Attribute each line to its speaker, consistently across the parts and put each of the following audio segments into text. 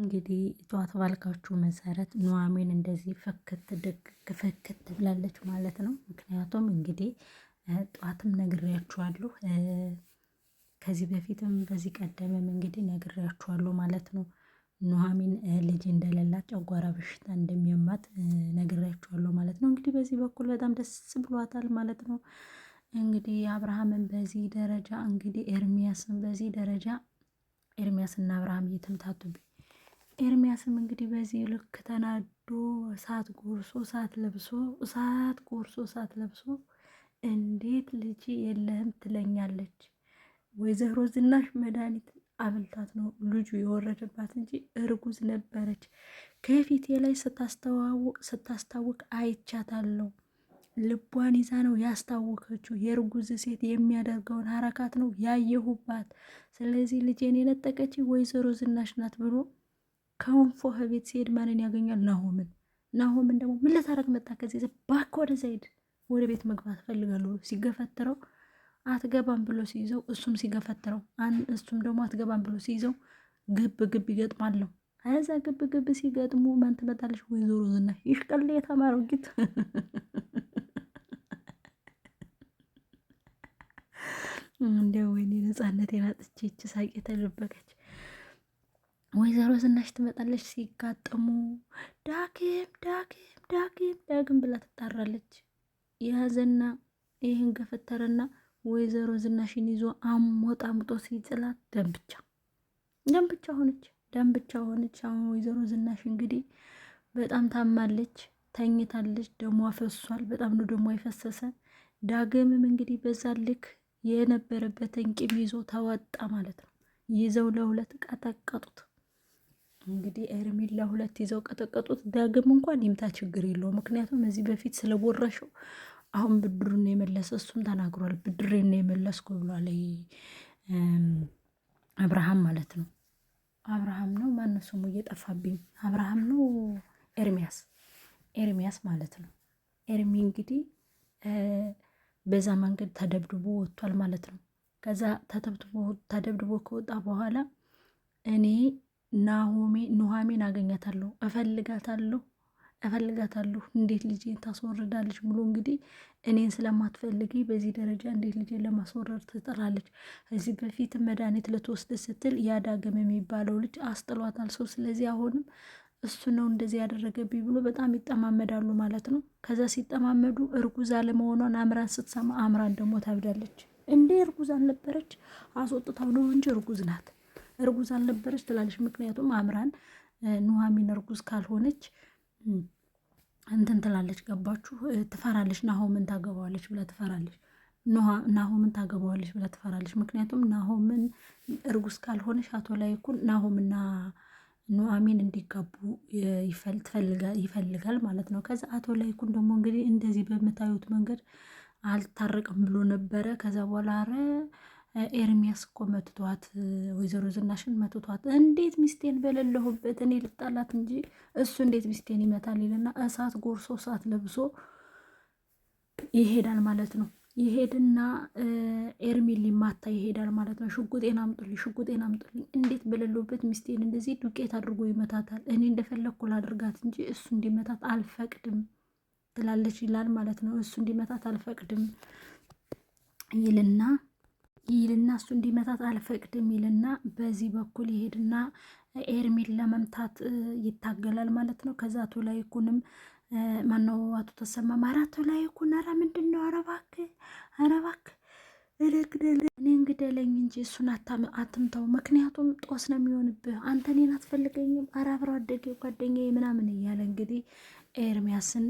Speaker 1: እንግዲህ ጠዋት ባልካችሁ መሰረት ኑሐሚን እንደዚህ ፈክት ድግ ፈክት ብላለች ማለት ነው። ምክንያቱም እንግዲህ ጠዋትም ነግሬያችኋለሁ፣ ከዚህ በፊትም በዚህ ቀደምም እንግዲህ ነግሬያችኋለሁ ማለት ነው። ኑሐሚን ልጅ እንደሌላት ጨጓራ በሽታ እንደሚያማት ነግሬያችኋለሁ ማለት ነው። እንግዲህ በዚህ በኩል በጣም ደስ ብሏታል ማለት ነው። እንግዲህ አብርሃምን በዚህ ደረጃ እንግዲህ ኤርሚያስን በዚህ ደረጃ ኤርሚያስና አብርሃም እየተምታቱ ኤርሚያስም እንግዲህ በዚህ ልክ ተናዶ እሳት ጎርሶ እሳት ለብሶ እሳት ጎርሶ እሳት ለብሶ እንዴት ልጅ የለህም ትለኛለች? ወይዘሮ ዝናሽ መድኃኒት አብልታት ነው ልጁ የወረደባት እንጂ እርጉዝ ነበረች። ከፊቴ ላይ ስታስታውቅ አይቻታለሁ። ልቧን ይዛ ነው ያስታወከችው። የእርጉዝ ሴት የሚያደርገውን ሀረካት ነው ያየሁባት። ስለዚህ ልጄን የነጠቀች ወይዘሮ ዝናሽ ናት ብሎ ከወንፎ ከቤት ሲሄድ ማንን ያገኛል? ናሆምን። ናሆምን ደግሞ ምን ልታረግ መጣ? ከዚህ ዘ ባክ ወደ ዘይድ ወደ ቤት መግባት ፈልጋለሁ ሲገፈትረው አትገባም ብሎ ሲይዘው እሱም ሲገፈትረው እሱም ደግሞ አትገባም ብሎ ሲይዘው ግብ ግብ ይገጥማለሁ። ከዛ ግብ ግብ ሲገጥሙ ማን ትመጣለች? ወይዘሮ ዝናሽ ይሽቀል የተማረው ጊት እንደ ወይኔ ነፃነቴን አጥቼ ይች ሳቄ ተደበቀች። ወይዘሮ ዝናሽ ትመጣለች። ሲጋጠሙ ዳግም ዳግም ዳግም ዳግም ብላ ትጣራለች። ያዘና ይህን ገፈተረና ወይዘሮ ዝናሽን ይዞ አሞጣምጦ ሲጥላት ደንብቻ ደንብቻ ሆነች፣ ደንብቻ ሆነች። አሁን ወይዘሮ ዝናሽ እንግዲህ በጣም ታማለች፣ ተኝታለች። ደሟ ፈሷል። በጣም ነው ደሟ የፈሰሰ። ዳግምም እንግዲህ በዛ ልክ የነበረበትን ቂም ይዞ ተወጣ ማለት ነው። ይዘው ለሁለት ቀጠቀጡት። እንግዲህ ኤርሚላ ሁለት ይዘው ቀጠቀጡት። ዳግም እንኳን ይምታ ችግር የለው። ምክንያቱም እዚህ በፊት ስለቦረሸው አሁን ብድሩን የመለሰ እሱም ተናግሯል። ብድሬን የመለስኩ ብሏል። አብርሃም ማለት ነው። አብርሃም ነው ማነው ስሙ እየጠፋብኝ። አብርሃም ነው ኤርሚያስ፣ ኤርሚያስ ማለት ነው። ኤርሚ እንግዲህ በዛ መንገድ ተደብድቦ ወጥቷል ማለት ነው። ከዛ ተደብድቦ ከወጣ በኋላ እኔ ናሆሜ ኑሃሜን አገኛታለሁ፣ እፈልጋታለሁ፣ እፈልጋታለሁ እንዴት ልጄን ታስወርዳለች ብሎ እንግዲህ እኔን ስለማትፈልጊ በዚህ ደረጃ እንዴት ልጄን ለማስወረድ ትጥራለች? ከዚህ በፊት መድኃኒት ልትወስድ ስትል ያዳገም የሚባለው ልጅ አስጥሏታል ሰው። ስለዚህ አሁንም እሱ ነው እንደዚህ ያደረገብኝ ብሎ በጣም ይጠማመዳሉ ማለት ነው። ከዛ ሲጠማመዱ እርጉዝ አለመሆኗን አምራን ስትሰማ አምራን ደግሞ ታብዳለች። እንዴ እርጉዝ አልነበረች፣ አስወጥታው ነው እንጂ እርጉዝ ናት። እርጉዝ አልነበረች ትላለች። ምክንያቱም አምራን ኑሐሚን እርጉዝ ካልሆነች እንትን ትላለች። ገባችሁ? ትፈራለች። ናሆምን ታገባዋለች ብላ ትፈራለች። ናሆምን ታገባዋለች ብላ ትፈራለች። ምክንያቱም ናሆምን እርጉዝ ካልሆነች አቶ ላይኩን ናሆምና ኑሐሚን እንዲጋቡ ይፈልጋል ማለት ነው። ከዛ አቶ ላይኩን ደግሞ እንግዲህ እንደዚህ በምታዩት መንገድ አልታረቅም ብሎ ነበረ። ከዛ በኋላ ኧረ ኤርሚያስ እኮ መትቷት፣ ወይዘሮ ዝናሽን መትቷት፣ እንዴት ሚስቴን በሌለሁበት እኔ ልጣላት እንጂ እሱ እንዴት ሚስቴን ይመታል ይልና እሳት ጎርሶ እሳት ለብሶ ይሄዳል ማለት ነው። ይሄድና ኤርሚን ሊማታ ይሄዳል ማለት ነው። ሽጉጤን አምጡልኝ፣ ሽጉጤን አምጡልኝ፣ እንዴት በሌለሁበት ሚስቴን እንደዚህ ዱቄት አድርጎ ይመታታል? እኔ እንደፈለግኩ ላድርጋት እንጂ እሱ እንዲመታት አልፈቅድም ትላለች ይላል ማለት ነው። እሱ እንዲመታት አልፈቅድም ይልና ይልና እሱ እንዲመታት አልፈቅድም ይልና በዚህ በኩል ይሄድና ኤርሚን ለመምታት ይታገላል ማለት ነው። ከዛ አቶ ላይኩንም ማነው አቶ ተሰማ ማራቶ አቶ ላይኩን ኧረ ምንድን ነው አረባክ አረባክ ኧረ እኔ እንግደለኝ እንጂ እሱን አትምተው፣ ምክንያቱም ጦስ ነው የሚሆንብህ። አንተ እኔን አትፈልገኝም፣ ኧረ አብረው አደጌ ጓደኛዬ ምናምን እያለ እንግዲህ ኤርሚያስን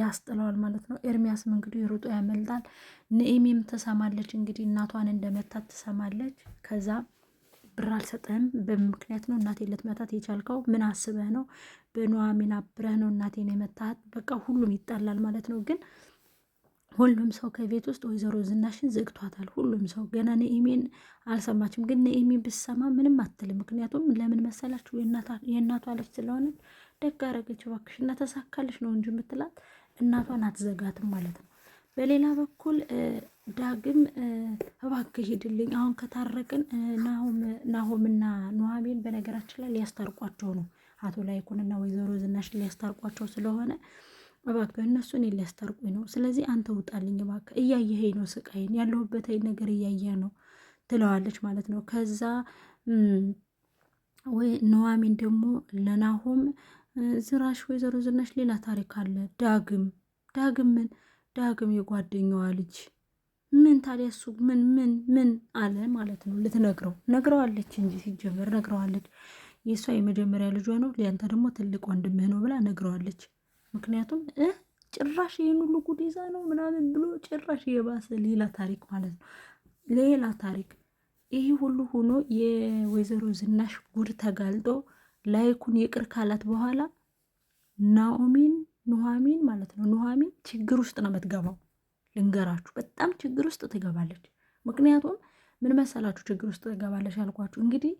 Speaker 1: ያስጥለዋል ማለት ነው። ኤርሚያስም እንግዲህ ሩጦ ያመልጣል። ንኤሚም ትሰማለች እንግዲህ እናቷን እንደመታት ትሰማለች። ከዛ ብር አልሰጠህም በምክንያት ነው እናቴ ልትመታት የቻልከው ምን አስበህ ነው? በኑሐሚን አብረህ ነው እናቴን የመታት። በቃ ሁሉም ይጣላል ማለት ነው ግን ሁሉም ሰው ከቤት ውስጥ ወይዘሮ ዝናሽን ዘግቷታል። ሁሉም ሰው ገና ነኤሚን አልሰማችም። ግን ነኤሚን ብሰማ ምንም አትልም። ምክንያቱም ለምን መሰላችሁ የእናቷ ልጅ ስለሆነች ደግ አረገች እባክሽ እና ተሳካልሽ ነው እንጂ የምትላት እናቷን አትዘጋትም ማለት ነው። በሌላ በኩል ዳግም እባክህ ሂድልኝ አሁን ከታረቅን ናሆምና ኑሐሚን በነገራችን ላይ ሊያስታርቋቸው ነው አቶ ላይኩንና ወይዘሮ ዝናሽን ሊያስታርቋቸው ስለሆነ እባክህ እነሱ እኔን ሊያስታርቁኝ ነው። ስለዚህ አንተ ውጣልኝ እባክህ፣ እያየኸኝ ነው ስቃይን ያለሁበት ነገር እያየ ነው ትለዋለች ማለት ነው። ከዛ ወይ ኑሐሚን ደግሞ ለናሆም ዝራሽ ወይዘሮ ዝናሽ ሌላ ታሪክ አለ። ዳግም ዳግም ምን ዳግም የጓደኛዋ ልጅ ምን ታዲያ እሱ ምን ምን ምን አለ ማለት ነው። ልትነግረው ነግረዋለች እንጂ ሲጀመር ነግረዋለች። የእሷ የመጀመሪያ ልጇ ነው፣ ሊያንተ ደግሞ ትልቅ ወንድምህ ነው ብላ ነግረዋለች። ምክንያቱም ጭራሽ ይህን ሁሉ ጉድ ይዛ ነው ምናምን ብሎ ጭራሽ የባሰ ሌላ ታሪክ ማለት ነው። ሌላ ታሪክ ይህ ሁሉ ሆኖ የወይዘሮ ዝናሽ ጉድ ተጋልጦ ላይኩን ይቅር ካላት በኋላ ናኦሚን ኑሃሚን ማለት ነው። ኑሃሚን ችግር ውስጥ ነው የምትገባው። ልንገራችሁ፣ በጣም ችግር ውስጥ ትገባለች። ምክንያቱም ምን መሰላችሁ ችግር ውስጥ ትገባለች ያልኳችሁ እንግዲህ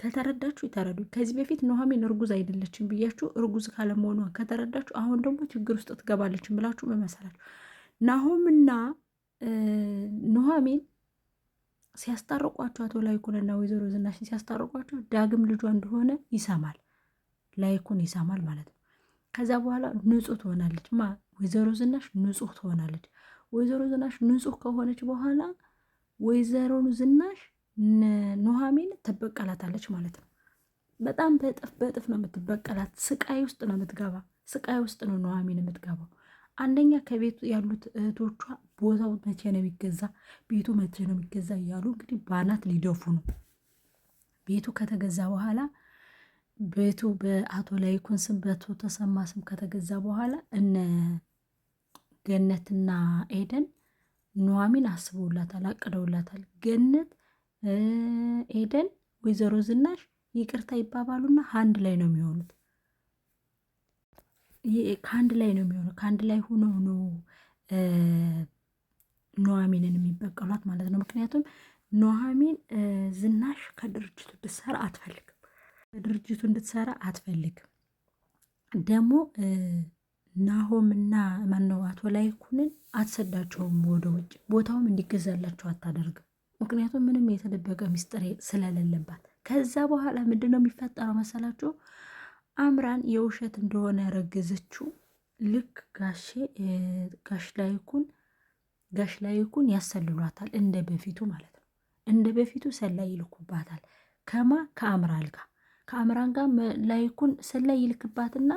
Speaker 1: ከተረዳችሁ ይተረዱ። ከዚህ በፊት ኑሃሚን እርጉዝ አይደለችም ብያችሁ እርጉዝ ካለመሆኗ ከተረዳችሁ፣ አሁን ደግሞ ችግር ውስጥ ትገባለች ብላችሁ መመሰላችሁ ናሆምና ኑሃሚን ሲያስታርቋቸው አቶ ላይኩንና ወይዘሮ ዝናሽን ሲያስታርቋቸው ዳግም ልጇ እንደሆነ ይሰማል፣ ላይኩን ይሰማል ማለት ነው። ከዛ በኋላ ንጹህ ትሆናለች ማ ወይዘሮ ዝናሽ ንጹህ ትሆናለች። ወይዘሮ ዝናሽ ንጹህ ከሆነች በኋላ ወይዘሮ ዝናሽ ኑሐሚን ትበቀላታለች ማለት ነው። በጣም በእጥፍ በእጥፍ ነው የምትበቀላት። ስቃይ ውስጥ ነው የምትገባ፣ ስቃይ ውስጥ ነው ኑሐሚን የምትገባው። አንደኛ ከቤት ያሉት እህቶቿ ቦታው መቼ ነው የሚገዛ፣ ቤቱ መቼ ነው የሚገዛ እያሉ እንግዲህ ባናት ሊደፉ ነው። ቤቱ ከተገዛ በኋላ ቤቱ በአቶ ላይኩን ስም በቶ ተሰማ ስም ከተገዛ በኋላ እነ ገነትና ኤደን ኑሐሚን አስበውላታል፣ አቅደውላታል። ገነት ኤደን፣ ወይዘሮ ዝናሽ ይቅርታ ይባባሉና አንድ ላይ ነው የሚሆኑት። ከአንድ ላይ ነው የሚሆነው። ከአንድ ላይ ሆኖ ሆኖ ኑሐሚንን የሚበቀሏት ማለት ነው። ምክንያቱም ኑሐሚን ዝናሽ ከድርጅቱ እንድትሰራ አትፈልግም። ከድርጅቱ እንድትሰራ አትፈልግም። ደግሞ ናሆምና ማነው አቶ ላይኩንን አትሰዳቸውም ወደ ውጭ፣ ቦታውም እንዲገዛላቸው አታደርግም። ምክንያቱም ምንም የተደበቀ ሚስጥር ስለሌለባት። ከዛ በኋላ ምንድን ነው የሚፈጠረው መሰላችሁ? አምራን የውሸት እንደሆነ ያረገዘችው ልክ ጋሼ ጋሽ ላይኩን ጋሽ ላይኩን ያሰልሏታል፣ እንደ በፊቱ ማለት ነው። እንደ በፊቱ ሰላይ ይልኩባታል። ከማ ከአምራን ጋር ከአምራን ጋር ላይኩን ሰላይ ይልክባትና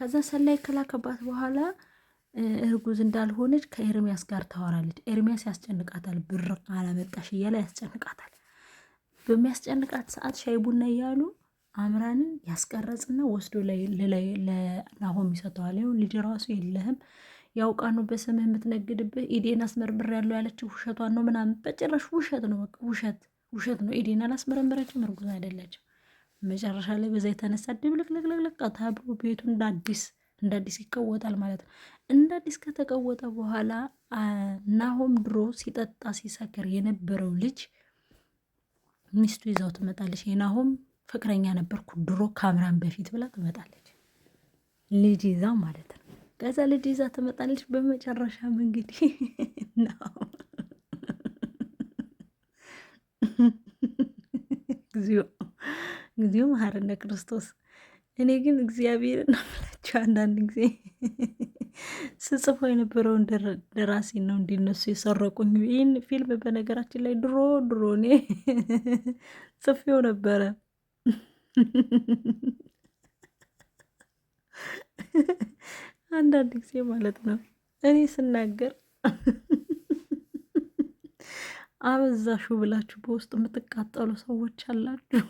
Speaker 1: ከዛ ሰላይ ከላከባት በኋላ እርጉዝ እንዳልሆነች ከኤርሚያስ ጋር ታወራለች። ኤርሚያስ ያስጨንቃታል፣ ብር አላመጣሽ እያለ ያስጨንቃታል። በሚያስጨንቃት ሰዓት ሻይ ቡና እያሉ አምራንን ያስቀረጽና ወስዶ ለናሆም ይሰጠዋል። ይሁን ልጅ ራሱ የለህም ያውቃ ነው በስምህ የምትነግድብህ ኢዴን አስመርምር ያለው ያለችው ውሸቷን ነው ምናምን፣ በጭራሽ ውሸት ነው። በቃ ውሸት ውሸት ነው። ኢዴን አላስመረመረችም፣ እርጉዝ አይደለችም። መጨረሻ ላይ በዛ የተነሳ ድብልቅልቅልቅ ተብሎ ቤቱ እንደ አዲስ እንደ አዲስ ይቀወጣል ማለት ነው። እንደ አዲስ ከተቀወጠ በኋላ ናሆም ድሮ ሲጠጣ ሲሰክር የነበረው ልጅ ሚስቱ ይዛው ትመጣለች የናሆም ፍቅረኛ ነበርኩ ድሮ ከአምራን በፊት ብላ ትመጣለች። ልጅ ይዛ ማለት ነው። ከዛ ልጅ ይዛ ትመጣለች። በመጨረሻም እንግዲህ እግዚኦ እግዚኦ መሐረነ ክርስቶስ። እኔ ግን እግዚአብሔር እናምላቸው አንዳንድ ጊዜ ስጽፎ የነበረውን ደራሲ ነው እንዲነሱ የሰረቁኝ። ይህን ፊልም በነገራችን ላይ ድሮ ድሮ እኔ ጽፌው ነበረ አንዳንድ ጊዜ ማለት ነው እኔ ስናገር አበዛሹ ብላችሁ በውስጥ የምትቃጠሉ ሰዎች አላችሁ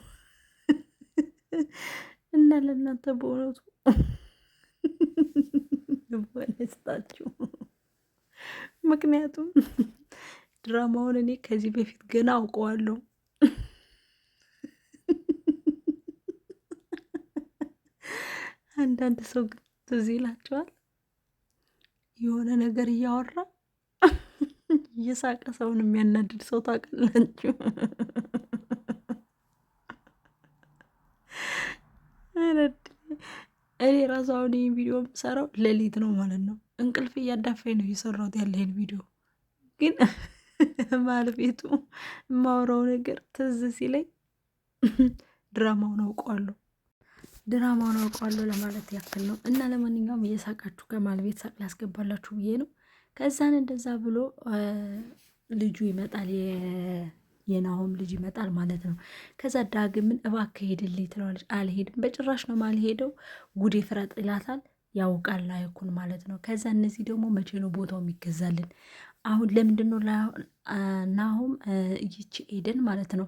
Speaker 1: እና ለእናንተ በእውነቱ ልቦነስታችሁ። ምክንያቱም ድራማውን እኔ ከዚህ በፊት ገና አውቀዋለሁ። አንዳንድ ሰው ግን ትዝ ይላቸዋል የሆነ ነገር እያወራ እየሳቀ ሰውን የሚያናድድ ሰው ታውቃላችሁ? እኔ ራሱ አሁን ይህን ቪዲዮ የምሰራው ሌሊት ነው ማለት ነው። እንቅልፍ እያዳፋኝ ነው እየሰራሁት ያለ ይህን ቪዲዮ ግን ባለቤቱ የማወራው ነገር ትዝ ሲለኝ ድራማውን አውቀዋለሁ። ድራማውን አውቀዋለሁ ለማለት ያክል ነው። እና ለማንኛውም እየሳቃችሁ ከማል ቤት ሳቅ ላስገባላችሁ ብዬ ነው። ከዛን እንደዛ ብሎ ልጁ ይመጣል፣ የናሆም ልጅ ይመጣል ማለት ነው። ከዛ ዳግምን እባክህ ሄድልኝ ትለዋለች። አልሄድም፣ በጭራሽ ነው ማልሄደው፣ ጉዴ ፍረጥ ይላታል። ያውቃል ላይኩን ማለት ነው። ከዛ እነዚህ ደግሞ መቼ ነው ቦታው የሚገዛልን? አሁን ለምንድነው ናሆም ይቺ ኤደን ማለት ነው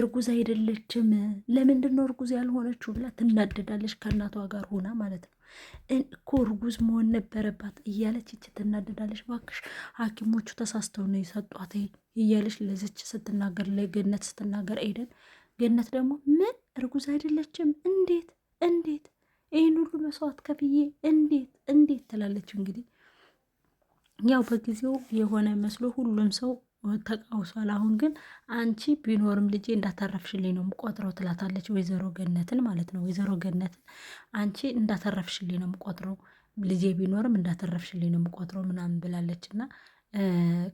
Speaker 1: እርጉዝ አይደለችም። ለምንድን ነው እርጉዝ ያልሆነችው ብላ ትናደዳለች። ከእናቷ ጋር ሆና ማለት ነው እኮ እርጉዝ መሆን ነበረባት እያለች ይች ትናደዳለች። ባክሽ ሐኪሞቹ ተሳስተው ነው የሰጧት እያለች ለዚች ስትናገር፣ ለገነት ስትናገር ኤደን ገነት ደግሞ ምን እርጉዝ አይደለችም? እንዴት እንዴት ይህን ሁሉ መስዋዕት ከፍዬ እንዴት እንዴት ትላለች። እንግዲህ ያው በጊዜው የሆነ መስሎ ሁሉም ሰው ተቃውሷል። አሁን ግን አንቺ ቢኖርም ልጄ እንዳተረፍሽልኝ ነው ምቆጥረው ትላታለች ወይዘሮ ገነትን ማለት ነው። ወይዘሮ ገነትን አንቺ እንዳተረፍሽልኝ ነው የምቆጥረው ልጄ ቢኖርም እንዳተረፍሽልኝ ነው የምቆጥረው ምናምን ብላለች እና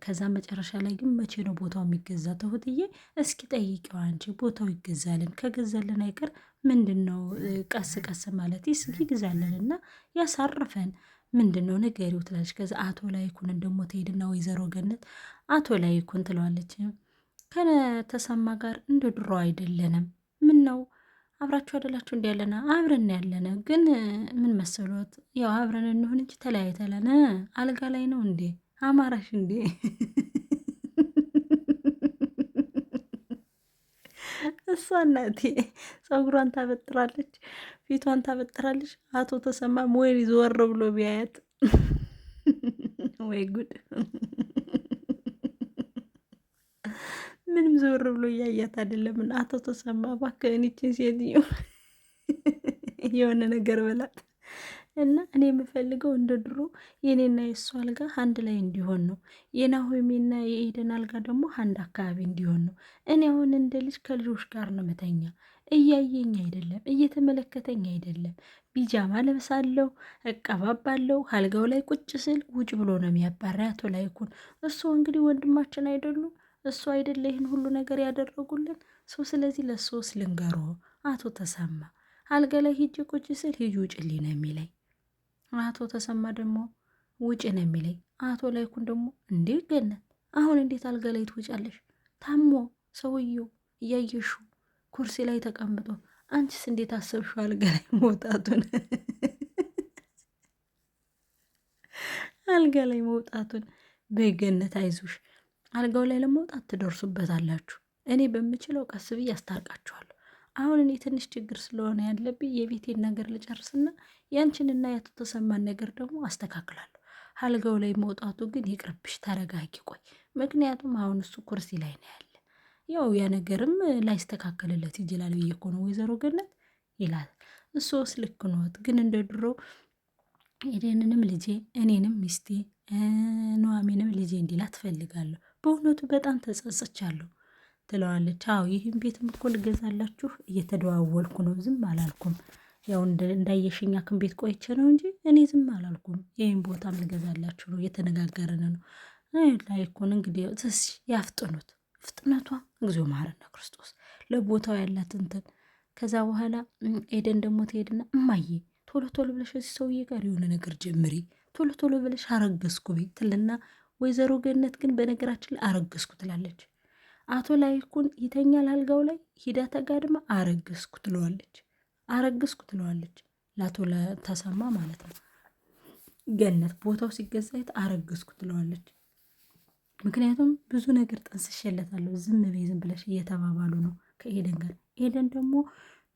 Speaker 1: ከዛ መጨረሻ ላይ ግን መቼ ነው ቦታው የሚገዛ? ተሁትዬ እስኪ ጠይቂው አንቺ ቦታው ይገዛልን፣ ከገዛልን አይቀር ምንድን ነው ቀስ ቀስ ማለት ይስኪ ይግዛልን እና ያሳርፈን ምንድን ነው ንገሪው ትላለች። ከዛ አቶ ላይኩንን ደግሞ ትሄድና ወይዘሮ ገነት አቶ ላይኩን ትለዋለች ከተሰማ ጋር እንደ ድሮ አይደለንም። ምን ነው አብራችሁ አደላችሁ? እንዲ ያለነ አብረን ያለነ ግን ምን መሰሎት፣ ያው አብረን እንሆን እንጂ ተለያይተለን አልጋ ላይ ነው እንዴ አማራሽ እንዴ እሷ እናቴ ፀጉሯን ታበጥራለች፣ ፊቷን ታበጥራለች። አቶ ተሰማ ሞይን ዘወር ብሎ ቢያያት ወይ ጉድ! ምንም ዘወር ብሎ እያያት አይደለም። አቶ ተሰማ እባክህ እኔችን ሴትዮ የሆነ ነገር በላት እና እኔ የምፈልገው እንደ ድሮ የኔና የእሷ አልጋ አንድ ላይ እንዲሆን ነው። የናሆሜና የኢዳ አልጋ ደግሞ አንድ አካባቢ እንዲሆን ነው። እኔ አሁን እንደ ልጅ ከልጆች ጋር ነው መተኛ። እያየኝ አይደለም፣ እየተመለከተኝ አይደለም። ቢጃማ ለብሳለሁ፣ እቀባባለሁ። አልጋው ላይ ቁጭ ስል ውጭ ብሎ ነው የሚያባራ። አቶ ላይኩን እሱ እንግዲህ ወንድማችን አይደሉ? እሱ አይደለ ይህን ሁሉ ነገር ያደረጉልን ሰው። ስለዚህ ለሶስ ልንገሮ አቶ ተሰማ አልጋ ላይ ሂጅ ቁጭ ስል ሂጅ ውጭልኝ ነው የሚለኝ። አቶ ተሰማ ደግሞ ውጭ ነው የሚለኝ። አቶ ላይኩን ደግሞ እንዴ ገነት አሁን እንዴት አልጋ ላይ ትውጫለሽ? ታሞ ሰውየው እያየሹ ኩርሲ ላይ ተቀምጦ፣ አንቺስ እንዴት አሰብሹ አልጋ ላይ መውጣቱን አልጋ ላይ መውጣቱን። በገነት አይዞሽ፣ አልጋው ላይ ለመውጣት ትደርሱበታላችሁ። እኔ በምችለው ቀስ ብዬ አስታርቃችኋለሁ። አሁን እኔ ትንሽ ችግር ስለሆነ ያለብኝ የቤቴን ነገር ልጨርስና ያንቺንና ያቶ ተሰማን ነገር ደግሞ አስተካክላለሁ። አልጋው ላይ መውጣቱ ግን ይቅርብሽ፣ ተረጋጊ፣ ቆይ። ምክንያቱም አሁን እሱ ኩርሲ ላይ ነው ያለ። ያው ያ ነገርም ላይስተካከልለት ይችላል ብዬ እኮ ነው ወይዘሮ ገነት ይላል። እሱስ ልክ ነዎት፣ ግን እንደ ድሮ ኤደንንም ልጄ እኔንም ሚስቴ ኑሐሚንም ልጄ እንዲላ ትፈልጋለሁ። በእውነቱ በጣም ተጸጽቻለሁ ትለዋለች። አዎ ይህም ቤትም እኮ ልገዛላችሁ እየተደዋወልኩ ነው፣ ዝም አላልኩም። ያው እንዳየሽኝ ሐኪም ቤት ቆይቼ ነው እንጂ እኔ ዝም አላልኩም። ይህን ቦታ እንገዛላችሁ ነው እየተነጋገርን ነው። ላይ እኮን እንግዲህ ስስ ያፍጥኑት። ፍጥነቷ እግዚኦ መሐረነ ክርስቶስ ለቦታው ያላት እንትን። ከዛ በኋላ ኤደን ደግሞ ትሄድና እማዬ ቶሎ ቶሎ ብለሽ እዚህ ሰውዬ ጋር የሆነ ነገር ጀምሪ፣ ቶሎ ቶሎ ብለሽ አረገዝኩ ቤት ትልና ወይዘሮ ገነት ግን በነገራችን ላይ አረገዝኩ ትላለች። አቶ ላይኩን ይተኛል አልጋው ላይ ሂዳ ተጋድማ አረገዝኩ ትለዋለች። አረገዝኩ ትለዋለች ለአቶ ተሰማ ማለት ነው። ገነት ቦታው ሲገዛት አረገዝኩ ትለዋለች። ምክንያቱም ብዙ ነገር ጠንስሼለታለሁ። ዝም በይ ዝም ብለሽ እየተባባሉ ነው ከኤደን ጋር። ኤደን ደግሞ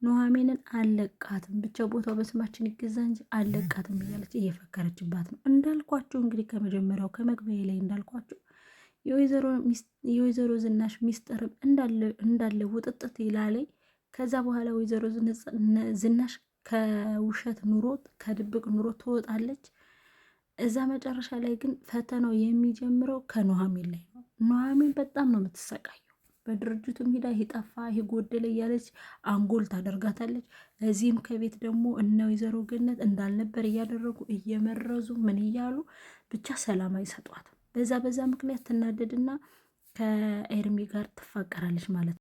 Speaker 1: ኑሐሚንን አለቃትም ብቻ ቦታው በስማችን ይገዛ እንጂ አለቃትም እያለች እየፈከረችባት ነው። እንዳልኳቸው እንግዲህ ከመጀመሪያው ከመግቢያ ላይ እንዳልኳቸው የወይዘሮ ዝናሽ ሚስጥርም እንዳለ ውጥጥት ይላለኝ ከዛ በኋላ ወይዘሮ ዝናሽ ከውሸት ኑሮ ከድብቅ ኑሮ ትወጣለች። እዛ መጨረሻ ላይ ግን ፈተናው የሚጀምረው ከኑሐሚን ላይ ነው። ኑሐሚን በጣም ነው የምትሰቃየው። በድርጅቱም ሂዳ ይጠፋ ይጎደለ እያለች አንጎል ታደርጋታለች። እዚህም ከቤት ደግሞ እነ ወይዘሮ ገነት እንዳልነበር እያደረጉ እየመረዙ ምን እያሉ ብቻ ሰላም አይሰጧትም። በዛ በዛ ምክንያት ትናደድና ከኤርሚ ጋር ትፋቀራለች ማለት ነው።